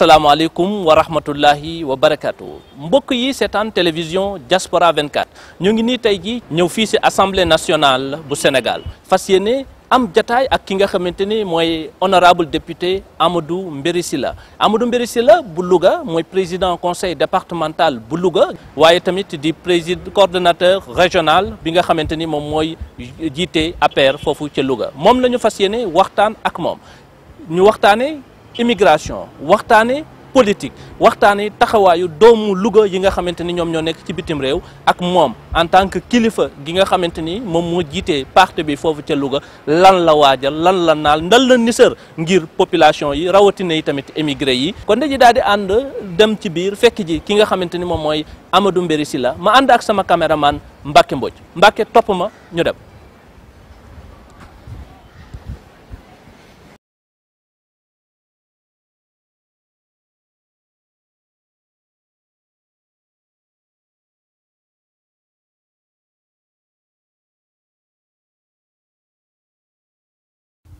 alaikum wa rahmatullahi wa barakatuh. mbokk yi télévision Diaspora 24 ñu ngi ni tay gi ci assemblée nationale du Sénégal Fassiyene am jataay ak ki nga xamanteni honorable député Amadou Mberisila Amadou Mbéry Sylla bu Louga président conseil départemental bu Louga tamit di président coordonnateur régional bi nga xamanteni mom moy jité jiite APR foofu ca Louga Mom lañu waxtaan ak ñu immigration waxtane politique waxtane taxawayu doomu Louga yi nga xamanteni ñom ñoo nek ci bitim rew ak mom en tant que kilifa gi nga xamanteni mom mo jité parti bi lan la lan la nal ndal la ngir population yi yi tamit émigré yi kon daal dem ci biir fekk ji ki nga ma anda ak sama caméraman Mbacke Mbodj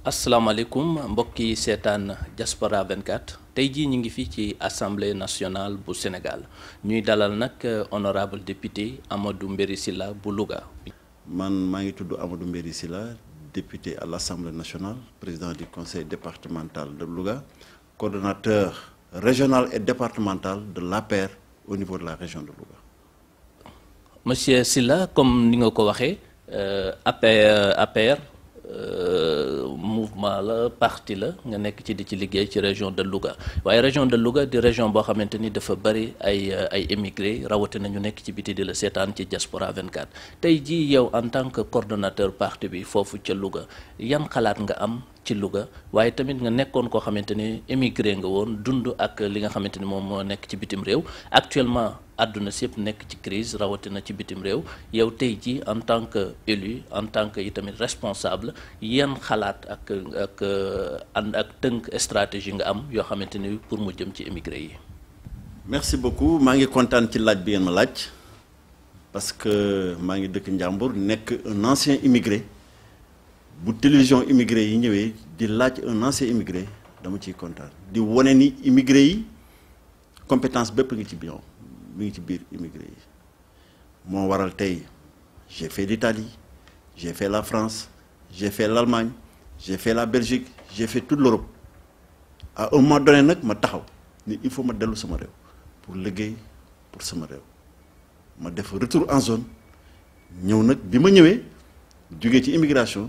Assalamu alaikum. Mbokki Setan diaspora 24 Aujourd'hui, nous ngi assemblée nationale du Sénégal Nous sommes nag euh, honorable député Amadou Mberisila Boulouga. bu Louga. man suis Amadou Mberisila, député à l'Assemblée nationale président du conseil départemental de Louga coordonnateur régional et départemental de l'APR au niveau de la région de Louga. monsieur Silla, comme nous nga dit, l'APER, APER, Euh, mouvement la parti la nga nekk ci di ci liggéey ci région de Louga waaye région de Louga di région boo xamante ni dafa bëri ay euh, ay émigré rawatina ñu nekk ci biti di la seetaan ci diaspora 24 tey jii yow en tant que coordonnateur parti bi foofu ca Louga yan xalaat nga am ci Louga waaye tamit nga nekkoon ko xamante émigré nga won dund ak li nga xamante mom mo moo nekk ci bitim rew actuellement aduna sepp yëpp nekk ci crise rawatina ci bitim rew yow tay ji en tant que élu en tant que itamit responsable yan xalaat ak ak and euh, ak tënk stratégie nga am yo xamante pour mu jëm ci émigré yi. merci beaucoup ma ngi kontaan ci laaj bi ngeen ma laaj parce que ma ngi dëkk Njambour nekk un ancien immigré bu télévision immigré yi ñëwee di laaj un ancien immigré dama ciy kontaan di wane ni immigré yi compétence bépp ngi ci bio mi ci biir immigré yi moo waral j'ai fait l'Italie j'ai fait la France j'ai fait l'Allemagne j'ai fait la Belgique j'ai fait toute l'Europe à un moment donné nag ma taxaw ni il faut ma dellu sama réew pour liggéey pour sama réew ma def retour en zone ñëw nag bi ma ñëwee ci immigration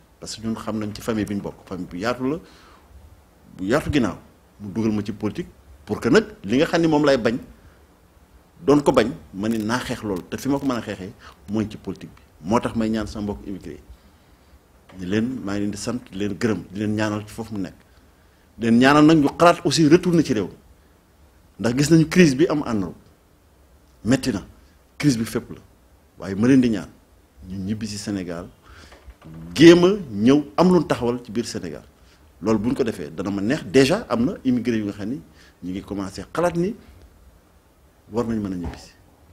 parce que ñun xam nañ ci famille bi ñu bokk famille bu yaatu la bu yaatu ginnaaw mu dugal ma ci politique pour que nag li nga xam ni moom lay bañ doon ko bañ ma ni naa xeex loolu te fi ma ko mën a xeexee mooy ci politique bi moo tax may ñaan sama mbokk immigré ñu leen maa ngi leen di sant leen gërëm di leen ñaanal ci foofu mu nekk leen ñaanal nag ñu xalaat aussi na ci réew ndax gis nañu crise bi am ànd metti na crise bi fépp la waaye ma leen di ñaan ñibbi si Sénégal géem new, am lu taxawal ci biir Sénégal lool buñ ko défé dana ma neex déjà amna immigré yu nga xam ni ñu ngi commencé xalat ni war nañ mën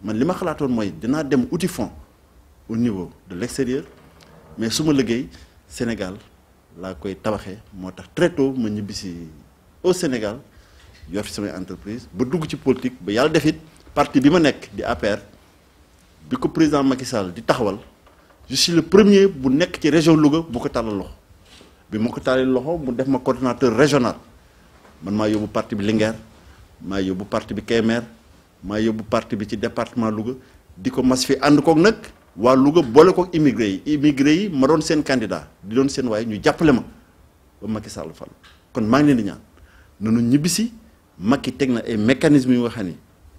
man lima xalatone moy dina dem uti fond au niveau de l'extérieur mais suma ma liggéey Sénégal la koy tabaxé motax très tôt ma ñibbisi au Sénégal yor fi sama entreprise ba dugg ci politique ba yalla defit parti bima de nekk di APR bi ko président Macky di taxawal je suis le premier bu nek ci région Louga bu ko tàllal loxo bi ma ko loxo mu coordinateur régional man suis parti bi Linguère ma parti bi KMR, ma parti bi département Louga diko mas fi and ko nak wa Louga bolé ko immigré yi ma candidat di don sen way ñu ma ba Macky Sall fall kon ma ngi leen di ñaan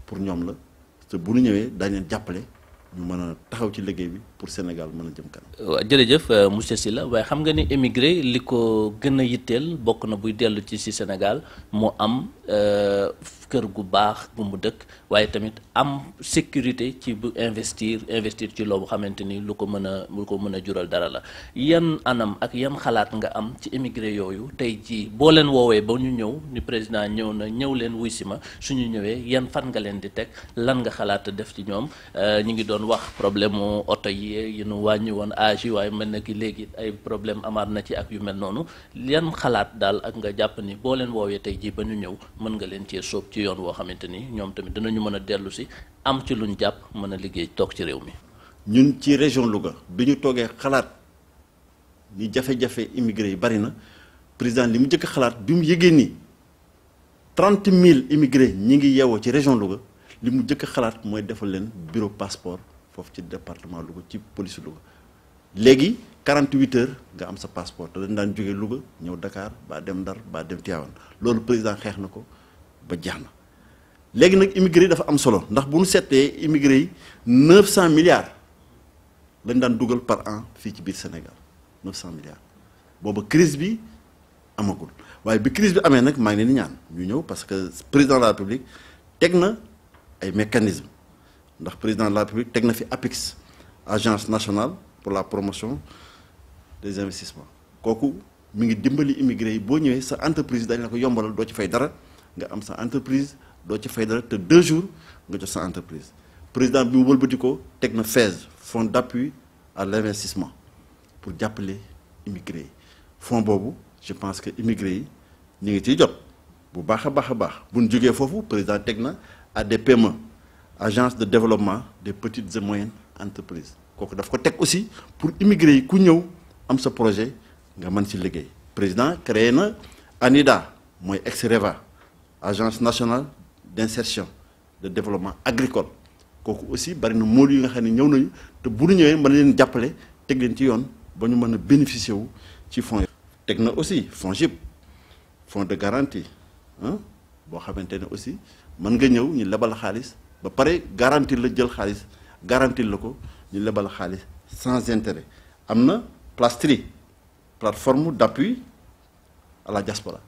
pour nous la bu ñu mën a taxaw ci liggéey bi pour Sénégal mën a jëm kanam. waaw jërëjëf euh, monsieur Sylla waaye xam nga ni émigré li ko gën a yitteel bokk na buy dellu ci si Sénégal mu am euh, kër gu baax gu mu dëkk waaye tamit am sécurité ci bu investir investir ci loobu xamante ni lu ko mën a lu ko mën a jural dara la yan anam ak yan xalaat nga am ci émigré yooyu tey jii boo leen woowee ba ñu ñëw ni président ñëw na ñëw leen wuy si ma suñu ñëwee yan fan nga leen di teg lan nga xalaat def ci ñoom euh, ñu ngi doon wax problème mu oto yi yi nu wàññi woon âge yi waaye mel na ki léegi ay problème amaat na ci ak yu mel noonu yan xalaat daal ak nga jàpp ni ci yoon woo xamante ni ñoom tamit dinañu mën a dellu si am ci luñ jàpp mën a liggéey toog ci réew mi. ñun ci région Louga bi ñu toogee xalaat ni jafe-jafe immigré yi bari na président li mu njëkk xalaat bi mu yëgee ni trente mille immigré ñi ngi yeewoo ci région Louga li mu njëkk xalaat mooy defal leen bureau passeport foofu ci département Louga ci police Louga léegi. 48 heures nga am sa passeport dañ daan jógee Louga ñëw Dakar ba dem Dar ba dem Tivaouane loolu président xeex na ko ba jeex na léegi nag immigré yi dafa am solo ndax immigré 900 milliards lañ daan par an fii ci biir Sénégal 900 milliards Bobo crise bi amagul waaye bi crise bi amee nag maa ngi leen ñaan ñu parce que président de la République tekna na ay mécanismes ndax président de la République tekna fi APEX, agence nationale pour la promotion des investissements Koku mi ngi dimbali immigré bo ñewé sa entreprise dañ la ko yombalal do ci fay dara nga am sa entreprise do ci fay te deux jours nga jox sa entreprise président bi mu wëlbati teg na FAISE fonds d'appui à l'investissement pour jàppale immigré yi fonds boobu je pense que immigré yi ñu ngi ciy jot bu baax a baax a baax bu ñu jógee foofu président teg na ADPME agence de développement des petites et moyennes entreprises kooku daf ko teg aussi pour immigré yi ku ñëw am sa projet nga mën ci liggéey président créé ANIDA mooy ex-REVA agence nationale d'insertion de développement agricole koku aussi bari na mool yi nga xamni ñew nañu te bu ñu ñëwee mën leen jàppale teg leen ci yoon ba ñu bénéficier wu ci fonds teg na aussi fonds JIP e fonds de garantie hein bo xamantene aussi mën nga ñew ñu lebal xaalis ba paré garantie la jël xaalis garantie la ko ñu lebal xaalis sans intérêt amna na Plastri plateforme d'appui à la diaspora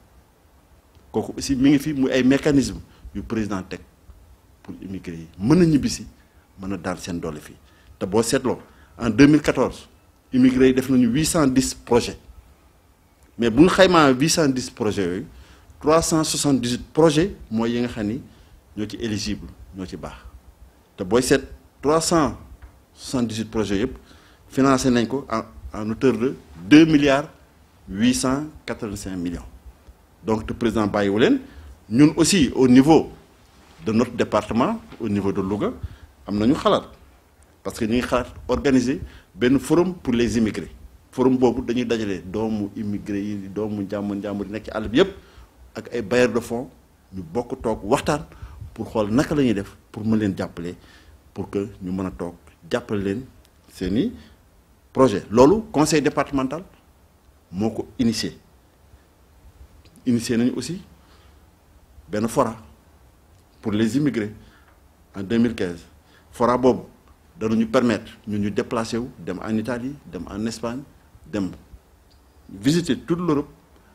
c'est un mi ngi fi mu ay mécanisme du président Tek pour immigré yi mën a ñibbisi mën a daan seen doole fii en 2014 immigré yi def 810 projets mais bu ñu xaymaa 810 projets 378 projets mooy yi nga éligible 378 projets yëpp financé nañ en en hauteur de 2 milliards 885 millions donc le président Bayoulen nous aussi au niveau de notre département au niveau de Louga avons nañu xalaat parce que nous avons organisé un forum pour les immigrés forum boobu dañuy dajale doomu immigré yi doomu njàmbur njàmbur yi a ci àll bi ak ay bailleurs de fonds ñu bokk toog pour voir naka que nous def pour mën leen pour que nous puissions appeler toog jàppale leen ce projet le conseil départemental a initié initié aussi ben fora pour les immigrés en 2015 fora boobu nous permettre nous nous déplacer dem en Italie dem en Espagne dem visiter toute l'Europe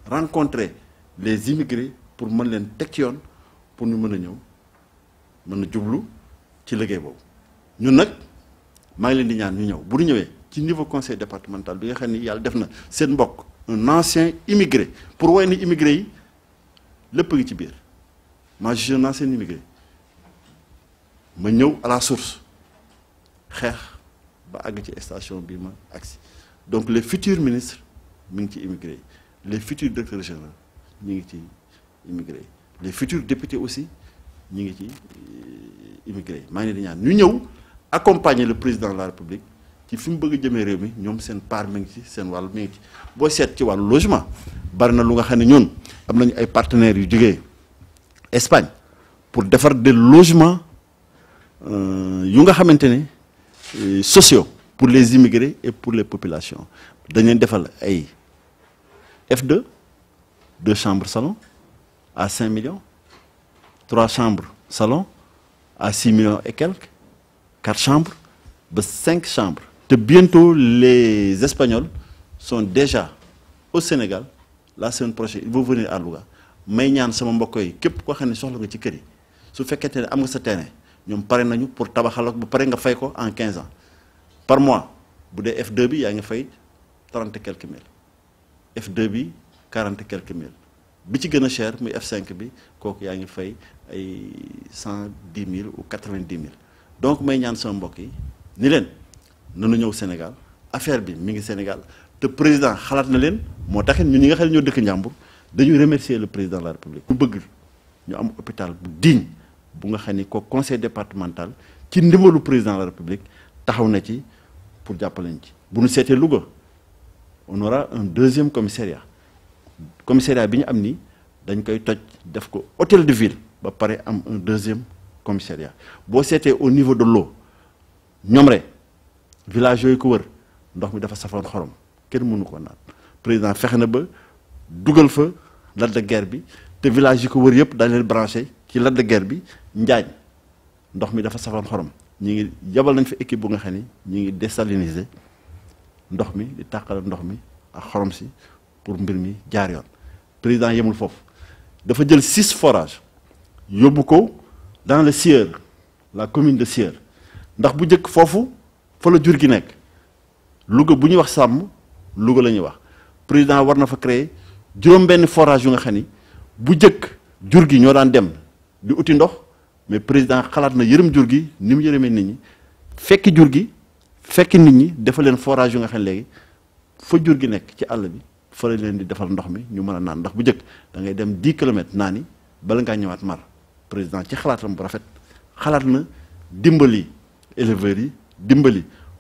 rencontrer les immigrés pour mën len teg pour ñu mëna ñëw mëna djublu ci liggéey bob ñun nak ma ngi leen di ñaan ñu ñëw bu ñëwé ci niveau conseil départemental bi nga xam yalla def na seen un ancien immigré pour un immigré Le lépp a ngi ci je suis un ancien immigré ma ñëw à la source xeex ba à ci station bi ma donc les futurs ministres sont immigrés. immigré les futurs directeurs généraux ñi ngi immigré les futurs députés aussi ñi ngi ci euh, immigré yi ngi accompagner le président de la république qui fume beaucoup de mes amis, nous sommes parmi ici, c'est normal mais bon c'est qui va logement, barne longa hein nous, nous avons un partenaire Espagne, pour faire des logements, euh, euh, sociaux pour les immigrés et pour les populations, dernier défendre, hey, F2, deux chambres salon à 5 millions, trois chambres salon à 6 millions et quelques, quatre chambres, 5 chambres de bientôt, les Espagnols sont déjà au Sénégal. La semaine prochaine, ils vont venir à Louga. Mais ñaan sama mbokk képp koo xam ne soxla nga ci kër yi su fekkente ne am nga sa terrain Nous, nañu pour tabaxal en 15 ans par mois bu dee F2 b vous avez 30 quelques mille F2 b 40 quelques mille bi ci avez cher muy F5 b vous 110 000 ou 90 000. donc may ñaan sama mbokk yi sommes au Sénégal affaire Sénégal le président remercier le président de la République. Nous hôpital digne conseil départemental le président de la République on aura un deuxième commissariat commissariat bi ñu am hôtel de ville ba un deuxième commissariat nous c'était au niveau de l'eau nous village yooyu ko wër ndox mi dafa safoon xorom kenn mënu ko naan président fexe na ba dugal fa ladde de guerre bi te village yi ko wër yëpp dañ leen branché ci ladde de guerre bi Njaañ ndox mi dafa safoon xorom ñi ngi jabal nañ fa équipe bu nga xam ni ñi ngi désaliniser ndox mi di tàqale ndox mi ak xorom si pour mbir mi jaar yoon président yemul foofu dafa jël six forages yóbbu ko dans le Sieur la commune de Sieur ndax bu njëkk foofu fa jur gi nekk Louga bu ñuy wax sàmm Louga la ñuy wax président war na fa créer juróom-benn forage yu nga xam ni bu jëkk jur gi ñoo daan dem di uti ndox mais président xalaat na yërëm jur gi ni mu yërëmee nit ñi fekki jur gi fekki nit ñi defal leen forage yu nga xam ne léegi fa jur gi nekk ci àll bi fa la leen di defal ndox mi ñu mën a naan ndax bu jëkk da ngay dem 10 kilomètres naani bala ngaa ñëwaat mar président ci xalaatam bu rafet xalaat na dimbali éleveurs yi dimbali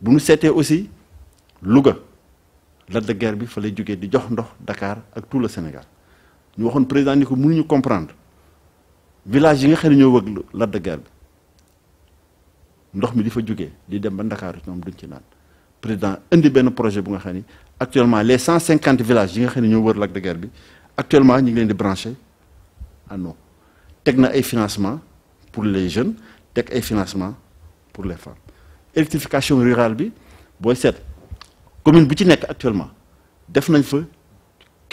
bu ñu cétait aussi Louga la de guerre bi fa lay di jox ndox Dakar ak tout le Sénégal ñu waxone président ni ko ñu comprendre village yi nga xam ñoo wëg la de guerre bi ndox mi di fa di dem ba dakar ñom duñ ci naan président indi ben projet bu nga xam actuellement les 150 villages yi nga xam ñoo wër Lac de guerre bi actuellement ñu ngi leen di brancher ah non tek na ay financement pour les jeunes tek ay financement pour les femmes électrification rurale bi booy seet commune bu ci nekk actuellement def nañ fa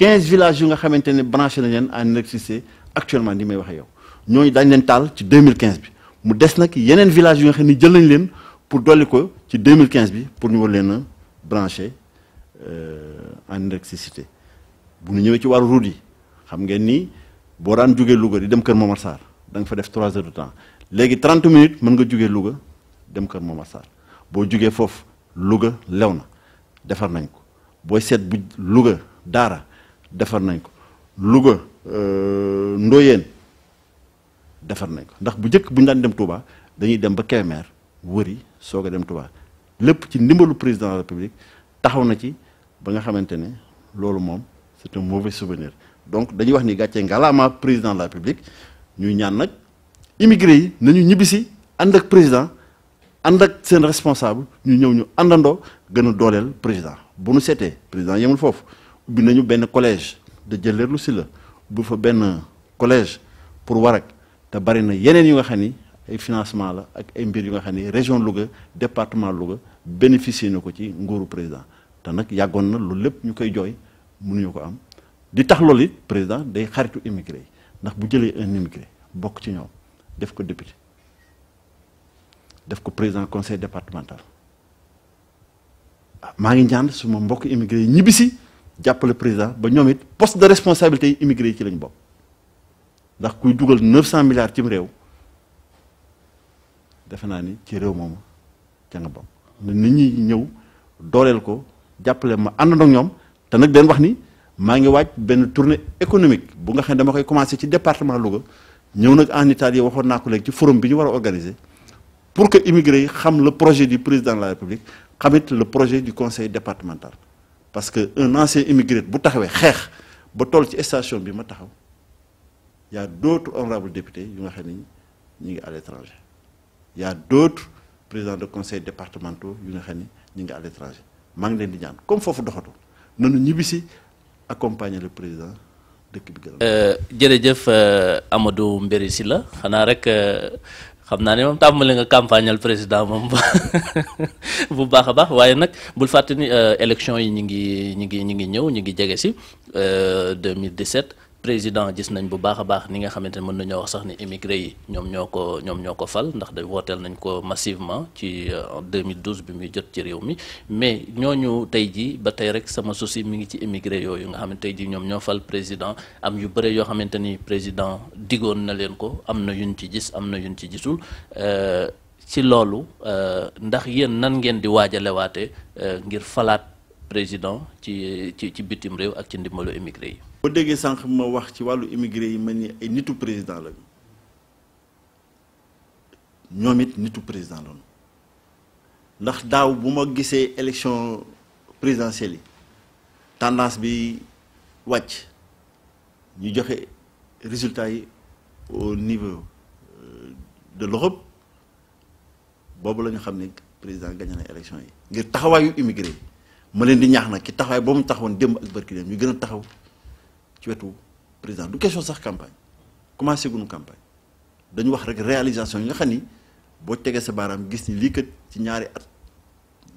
15 villages yu nga xamante branché nañ en électricité actuellement ni may waxee yow ñooñu dañ leen taal ci 2015 bi mu des nag yeneen villages yu nga xam ne jël nañ leen pour dolli ko ci 2015 bi pour ñu war leen a branché euh, en électricité bu ñu ñëwee ci wàllu route yi xam ngeen ni boo daan jógee Louga di dem Kër Momar Sarr da nga fa def 3 heures de temps léegi 30 minutes mën nga jógee Louga dem Kër Momar Sarr boo jugee foofu Louga lew na defar nañ ko booy seet bu Louga daara defar nañ ko Louga euh, Ndoyeen defar nañ ko ndax bu njëkk dem Touba dañuy dem ba wëri président de la République taxaw na ci ba nga c'est un mauvais souvenir donc dañuy wax ni gàccee ngalaama président de la République ñuy ñaan nag immigré yi nañu ñibbisi ànd ak président ànd ak seen responsable ñu ñëw ñu àndandoo gën a dooleel président bu nu seetee président yemul foofu ubbi nañu benn collège de si la bu fa benn collège pour Warak te bari na yeneen yu nga xam ni ay financement la ak ay mbir yu nga xam ni région Louga département Louga bénéficier na ko ci nguuru président te nag yàggoon na loolu lépp ñu koy jooy mu mënuñu ko am di tax loolu it président day xaritu immigré yi ndax bu jëlee un immigré bokk ci ñoom def ko député def ko président conseil départemental ah, maa ngi ñaan suma mbokk immigré yi ñibbisi jàppale président ba ñoom it poste de responsabilité yi yi ci lañ bokk ndax kuy dugal neuf cent milliards cim réew defe naa ni ci réew moom ca nga bokk nit ñi ñëw dooleel ko jàppale ma ànd ak ñoom te nag den wax ni maa ngi waaj benn tournée économique bu nga xam ne dama koy commencé ci département Louga ñëw nag en Italie waxoon naa ko léegi ci forum bi ñu war a pour que immigré yi le projet du président de la république xamit le projet du conseil départemental parce qu'un ancien immigré bu vous avez ba toll ci station y a d'autres honorables députés qui sont à l'étranger Il y a d'autres présidents de conseils départementaux qui sont ni à l'étranger maa leen di ñaan comme nous, doxatu nous ñibbisi accompagner le président de l'équipe gën Amadou Mberisila. Je xam naa ne moom tàmbali nga al président moom bu baakha a waye nak bu fatini fàtte euh, élection yi ñi ngi ñi ngi ñi ngi ñëw ñu ngi jege si 2017. Euh, président gis nañ bu baax a baax ni nga xamante ne mën nañoo wax sax ni émigré yi ñoom ñoo ko ñoom ñoo ko fal ndax da wooteel nañ ko massivement ci euh, en 2012 bi muy jot ci réew mi mais ñoo ñooñu tey jii ba tey rek sama souci mi ngi ci émigré yooyu nga xam ne tey jii ñoom ñoo fal président am yu bëre yoo xamante ni président digoon na leen ko am na yuñ ci gis am na yuñ ci gisul euh, ci loolu euh, ndax yéen nan ngeen di waajalewaate ngir falaat président ci ci ci bitim réew ak ci ndimbalu yi boo déggee sànq ma wax ci wàllu immigré yi ma ni ay nitu président lañu ñoom it nitu président lañu ndax daaw bu ma gisee élection présidentielle yi tendance bi wàcc ñu joxe résultat yi au niveau euh, de l'Europe boobu la ñu xam ne président gagné na élection yi ngir taxawaayu immigré yi ma leen di ñaax nag ki taxawaay boobu mu taxawoon démb ak barki dem ñu gën a taxaw ci wetu président du question sa campagne c'est une campagne dañu wax rek réalisation nga xam ni boo tegee sa baram gis ni lii kat ci ñaari at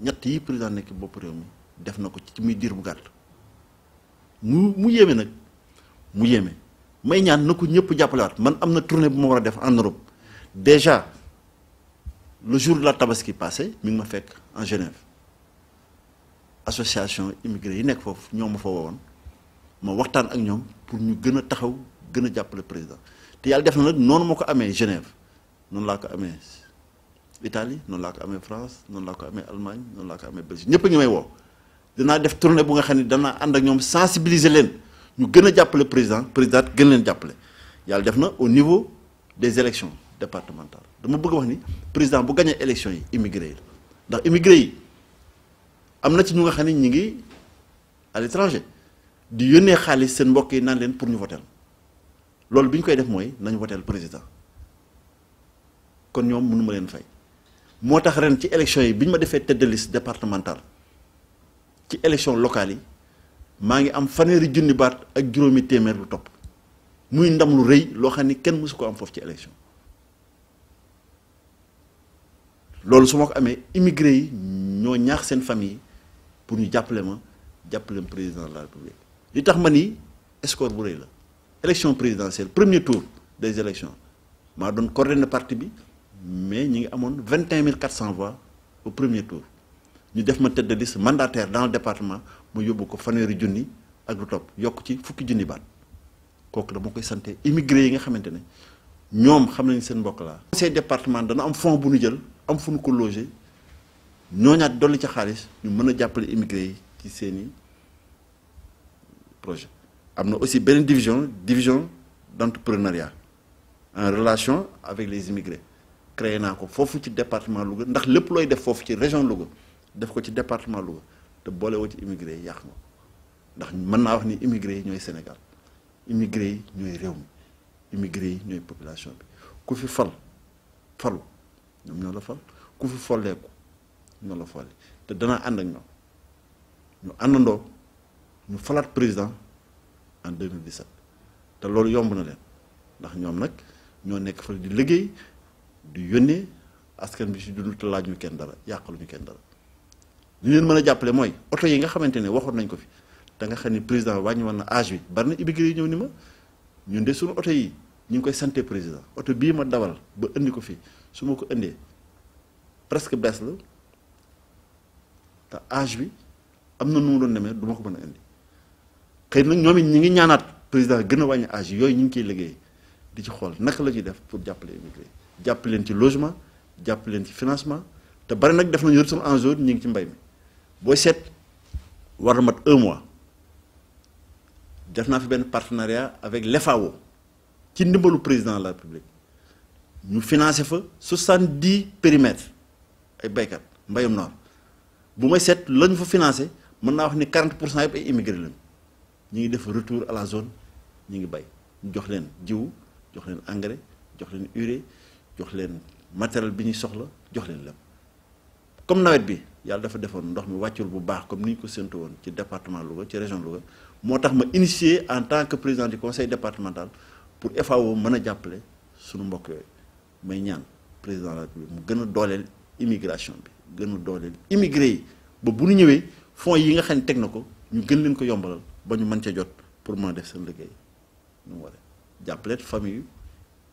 ñett yi président nekk bopp réew mi def na ko ci muy regarde. Nous, gàtt mu mu yéeme nag mu Mais may ñaan na ko ñëpp jàppalewaat man am na tournée bu ma war def en Europe déjà le jour de la tabaski passé mi ma fait en Genève association immigré yi nekk foofu ñoo fa wowoon ma waxtaan ak ñoom pour ñu gën a taxaw gën a jàppale président te yàlla def na nag noonu ma ko amee Genève noonu laa ko amee Italie noonu laa ko amee France noonu laa ko amee Allemagne noonu laa ko amee Belgique ñëpp a ngi may woo danaa def tournée bu nga xam ne danaa ànd ak ñoom sensibiliser leen ñu gën a jàppale président président gën leen jàppale yàlla def na au niveau des élections départementales dama bëgg wax ni président bu gagné élection yi immigré yi ndax immigré yi am na ci ñu nga xam ne ñi ngi à l'étranger di yónnee xaalis seen mbokk yi naan leen pour ñu votel loolu bi ñu koy def mooy nañu votel président kon ñoom mënu leen fay moo tax ren ci élection yi bi ñu ma defee tête de liste ci élection locale yi maa ngi am fanweeri junni baat ak juróomi téeméer lu topp muy ndam lu rëy loo xam ni kenn mësu ko am foofu ci élection loolu su ma ko amee immigré yi ñoo ñaax seen famille pour ñu jàppale ma jàppale président de la république li tax ma ni bu la élection présidentielle premier tour des élections ma doon coordonné parti bi mais ñi ngi amone 21400 voix au premier tour ñu def ma tête de liste mandataire dans le département mu yóbbu ko fanweeri junni ak lu top yok ci fukki junni baat kooku dama koy santé immigré yi nga xamantene ne xam nañ seen mbokk laa. conseil département dana am fonds bu ñu jël am fuñ ko loger ñooñaat doli ci xaalis ñu mëna jappalé immigré yi ci seeni projet y aussi une division division d'entrepreneuriat en relation avec les immigrés créé département Louga ndax def région Louga def ko département Louga te immigrés immigré la immigré Sénégal immigré au immigré population bi Fall? fi fal te donner ak ñu falat président en 2017 té loolu yomb na leen ndax ñoom nak ñoo nekk fa di liggéey di yónnee askan bi ci dund te laaj ñu kenn dara yàqalu ñu kenn dara li leen mën a jàppale mooy oto yi nga xamante ne waxoon nañ ko fi da nga xam ni président wàññi woon na âge bi bari na immigré ñëw ni ma ñun de suñu oto yi ñu ngi koy santé président oto bii ma dawal ba indi ko fi su ma ko indee presque bees la te âge bi am na nu mu doon demee du ma ko mën a indi xëy nag ñoom it ñu ngi ñaanaat président gën a wàññi âge yooyu ñu ngi ciy liggéey di ci xool naka la ñuy def pour jàppale immigré jàpp leen ci logement jàpp leen ci financement te bari nag def nañu retour en zone ñu ngi ci mbay mi booy seet war na mat un mois def naa fi benn partenariat avec l'FAO ci ndimbalu président la République ñu financé fa soixante-dix périmètres ay baykat mbayum noor bu may seet la ñu fa financé mën naa wax ni 40 pour cent ay immigré lañu ñu ngi def retour à la zone ñu ngi bay jox leen jiwu jox leen engrais jox leen urée jox leen matériel bi ñuy soxla jox leen lépp comme nawet bi yàlla dafa defoon ndox mi wàccul bu baax comme ni ko séntu woon ci département Louga ci région Louga moo tax ma initié en tant que président du conseil départemental pour FAO mën a jàppale sunu mbokk yooyu may ñaan président de la République mu gën a dooleel immigration bi gën a dooleel immigré yi ba bu ñu ñëwee fonds yi nga xam ne teg na ko ñu gën leen ko yombalal bañu man mën ca jot pour ma def sa liggéey ñu mu waree famille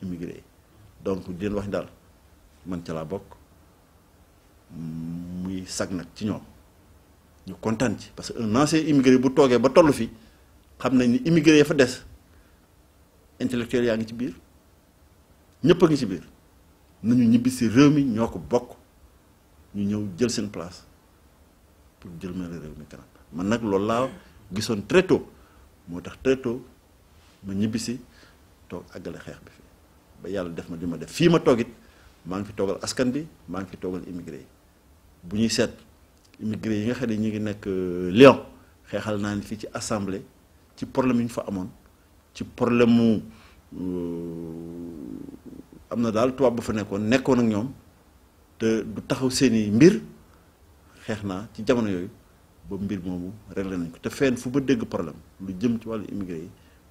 immigré donc di wax dal man ca la bok muy sag nak ci ñoom ñu contane ci parce que un ancien immigré bu togué ba tollu fi xam nañ ni immigré ya fa dess intellectuel yaa ngi ci biir ñepp ngi ci biir nañu ñibbi si réew mi ñoko bok ñu ñew jël seen place pour jël mel réew mi kanam man nak loolu laa gisoon très moo tax très tôt ma ñibbisi toog àggale xeex bi fii ba yàlla def ma di ma def fii ma toog it maa ngi fi toogal askan bi maa ngi fi toogal immigré yi bu ñuy seet immigré yi nga xam ne ñu ngi nekk euh, Lyon xeexal naa ni fii ci assemblée ci problème yi ñu fa amoon ci problème mu euh, am na daal tubaab bu fa nekkoon nekkoon ak ñoom te du taxaw seeni mbir xeex naa ci jamono yooyu ba mbir moomu réglé nañ ko te fenn fu ba dégg problème lu jëm ci wàllu immigré yi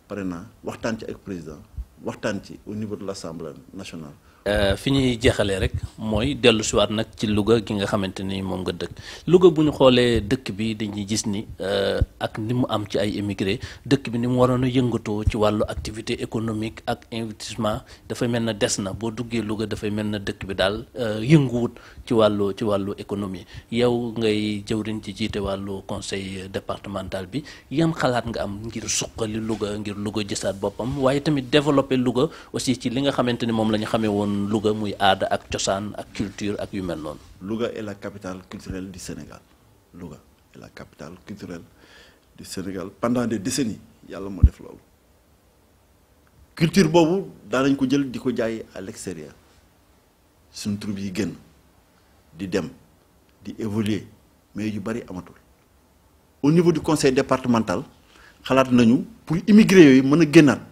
pare naa waxtaan ci ak président waxtaan ci au niveau de l'Assemblée national Euh, fi ñuy jeexalee rek mooy dellu siwaat nag ci Louga gi nga xamante ni moom nga dëkk Louga bu ñu xoolee dëkk bi dañuy gis ni euh, ak ni mu am ci ay émigré dëkk bi ni mu waroon a yëngatoo ci wàllu activité économique ak investissement dafay mel na des na boo duggee Louga dafay mel na dëkk bi daal euh, yënguwut ci wàllu ci wàllu économie yow ngay jëwriñ ci jiite wàllu conseil départemental bi yan xalaat nga am ngir suqali Louga ngir Louga jësaat boppam waaye tamit développer Louga li nga xamante ni moom la ñu xamee woon Louga muy aada ak ak culture ak yu mel non Louga est la capitale culturelle du Sénégal Louga est la capitale culturelle du Sénégal pendant des décennies yalla mo def loolu culture da nañ ko jël diko à l'extérieur sun troupe yi génn di dem di évoluer mais yu bari amatul au niveau du conseil départemental xalat nañu pour immigrer yoy meuna a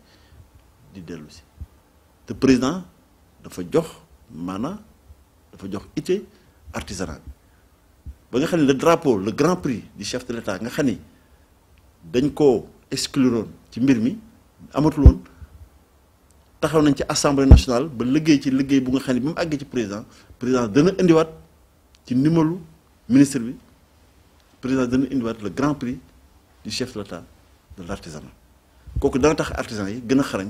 di dellu si te président dafa jox maana dafa jox ité artisanat bi ba nga xam ne le drapeau le grand prix du chef de l'État nga xam ni dañ koo excluroon ci mbir mi amatuloon taxaw nañ ci assemblée nationale ba liggéey ci liggéey bu nga xam ne bi mu àggee ci président président dana indiwaat ci ndimbalu ministre bi président dana indiwaat le grand prix du chef de l'État de l'artisanat kooku dana tax artisan yi gën a xarañ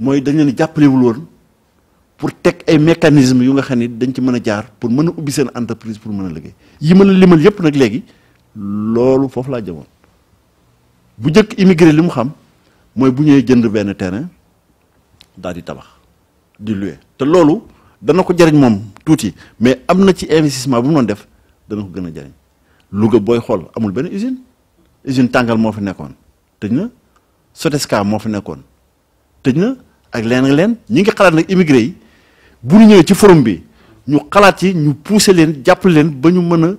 mooy dañ leen jàppalewul woon pour teg ay mécanismes yu nga xam ni dañ ci mën a jaar pour mën a ubbi seen entreprise pour mën a liggéey yi mën a limal yëpp nag léegi loolu foofu laa jëmoon bu njëkk immigré li mu xam mooy bu ñëwee jënd benn terrain daal di tabax di louer te loolu dana ko jariñ moom tuuti mais am na ci investissement bu mu doon def dana ko gën a jariñ Louga booy xool amul benn usine usine tàngal moo fi nekkoon tëj na Sotesca moo fi nekkoon tëj na. ak leen leen ñi ngi xalaat nag immigré yi bu ñu ñëwee ci forum bi ñu xalaat yi ñu pousser leen jàpp leen ba ñu mën a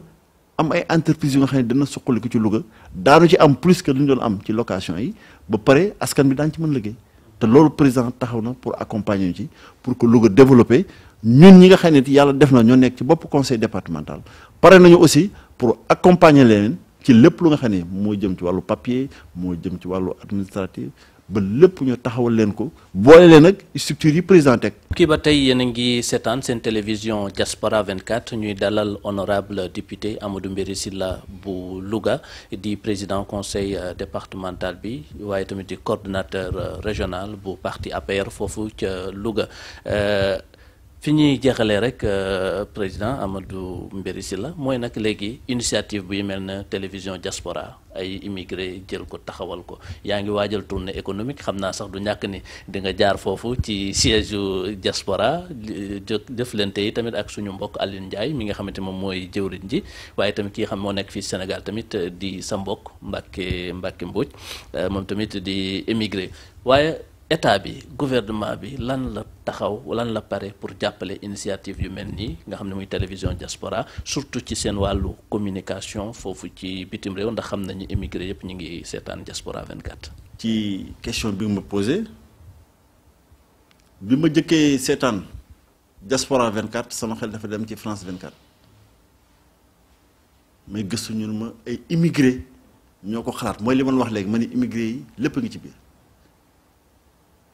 am ay entreprises yu nga xam ne dana suqaliku ci Louga daanu ci am plus que lu ñu doon am ci location yi ba pare askan bi daan ci mën liggéey te loolu président taxaw na pour accompagner ñu ci pour que Louga développé ñun ñi nga xam ne yàlla def na ñoo nekk ci bopp conseil départemental pare nañu aussi pour accompagner leen ci lépp lu nga xam ne moo jëm ci wàllu papier moo jëm ci wàllu administratif ba bataille ñu taxawal leen ko boole télévision Diaspora 24 ñuy dalal honorable député Amadou Mbéré Silla bu Louga di président conseil euh, départemental bi waye tamit di coordonnateur euh, régional bu parti APR fofu ci Louga euh, fi ñuy jeexalee rek euh, président Amadou Mbéry la mooy nag léegi initiative bi yu mel ne télévision diaspora ay immigré jël ko taxawal ko yaa ngi waajal tournée économique xam naa sax du ñàkk ni di nga jaar foofu ci siège yu jëkk jëflante yi tamit ak suñu mbokk Alioune Ndiaye mi nga xamante moom mooy jëwriñ ji waaye tamit kii xam moo nekk fii Sénégal tamit di sa mbokk Mbacke Mbacke mbooj euh, moom tamit di émigré waaye. état bi gouvernement bi lan la taxaw lan la paré pour appeler initiative yu melni nga xamné télévision diaspora surtout ci sen walu communication fofu ci bitim réew ndax xam nañu émigré yépp ñi ngi sétane diaspora 24. ci question bi me posé bima ma sétane diaspora 24 sama xel dafa dem ci France 24 mais si ma ay immigré immigrés, ko xalaat moy li man wax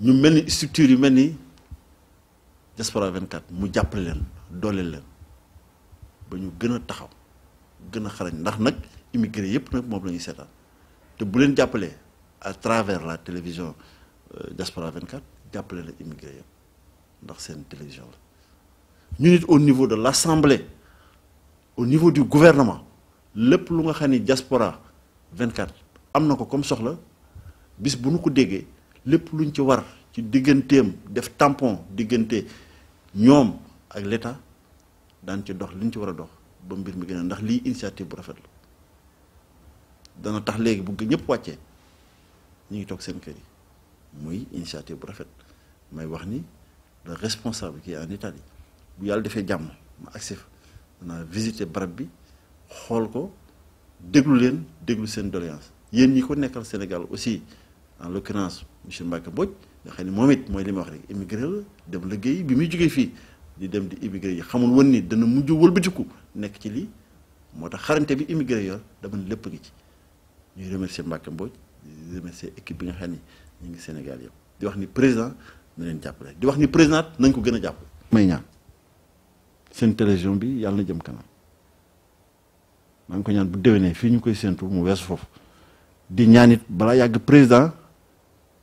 Nous menons structure yu Diaspora 24 mu jàppale leen doole leen ba ñu gëna taxaw gëna xarañ ndax nak immigré yépp nak mom la sétal té bu leen à travers la télévision euh, Diaspora 24 jàppale la immigré yépp ndax sen télévision la ñu nit au niveau de l'Assemblée au niveau du gouvernement lepp lu nga xam Diaspora 24 amna ko comme soxla bis bu nu ko déggé lepp luñ ci war ci digganteem def tampon diggante ñoom ak l'État dañ ci dox luñ ci wara dox ba mbir mi gëna ndax li initiative bu rafet la dana tax légui bu ñëpp wàccee ñu ngi toog seen kër yi muy initiative bu rafet may wax ni le responsable qui est en Italie bu yàlla defee jamm ma agsi fa naa visité barab bi xol ko déglu leen déglu seen doléance yéen ñi ko nekkal Sénégal aussi en l'occurrence monsieur Mbacke Mbodj nga xam ne moom it mooy li ma wax rek immigré la dem liggéey bi muy jógee fii di dem di immigré yi xamul woon ni dana mujj wëlbatiku nekk ci lii moo xarante bi immigré yor dama ne lépp ngi ci ñuy remercier Mbacke Mbodj di remercier équipe bi nga xam ni ngi Sénégal yëpp di wax ni président na leen jàppale di wax ni président nañ ko gën a may ñaan seen télévision bi yàlla na jëm kanam maa ko ñaan bu déwénee fii ñu koy séentu mu weesu foofu di ñaanit balaa yàgg président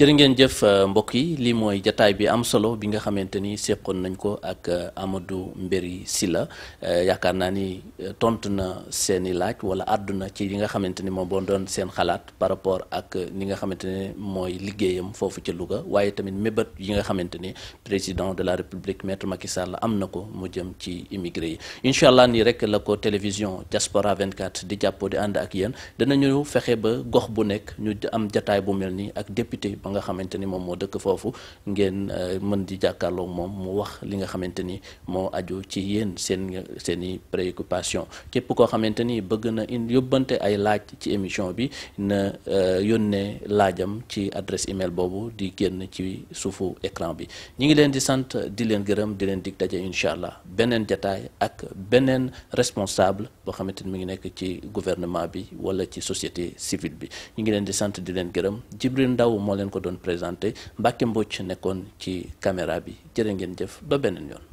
jërë ngeen jëf euh, mbokk yi lii mooy jataay bi am solo bi nga xamante ni seqoon nañ ko ak euh, Amadou Mbéry Sylla euh, yaakaar naa ni tontu na seen i laaj wala àdduna ci li nga xamante ni moom boo doon seen xalaat par rapport ak ni nga xamante ni mooy liggéeyam foofu ca Louga waaye tamit mébét yi nga xamante ni président de la République maître Macky Sall am na ko mu jëm ci immigré yi incha allah nii rek la ko télévision Diaspora 24 di jàppoo di ànd ak yéen danañu fexe ba gox bu nekk ñu am jataay bu mel nii ak député. fa nga xamante ni moom moo dëkk foofu ngeen euh, mën di jàkkaarloo moom mu wax li nga xamante ni moo aju ci yéen seen seen i préoccupation képp koo xamante ni bëgg na indi yóbbante ay laaj ci émission bi na euh, yónnee laajam ci adresse email boobu di génn ci suufu écran bi ñi ngi leen di sant di leen gërëm di leen dig daje incha allah beneen jataay ak beneen responsable boo xamante ni mu ngi nekk ci gouvernement bi wala ci société civile bi ñi ngi leen di sant di leen gërëm ko doon présenté Mbacke Mbocc nekkoon ci caméra bi jërë ngeen jëf ba beneen yoon.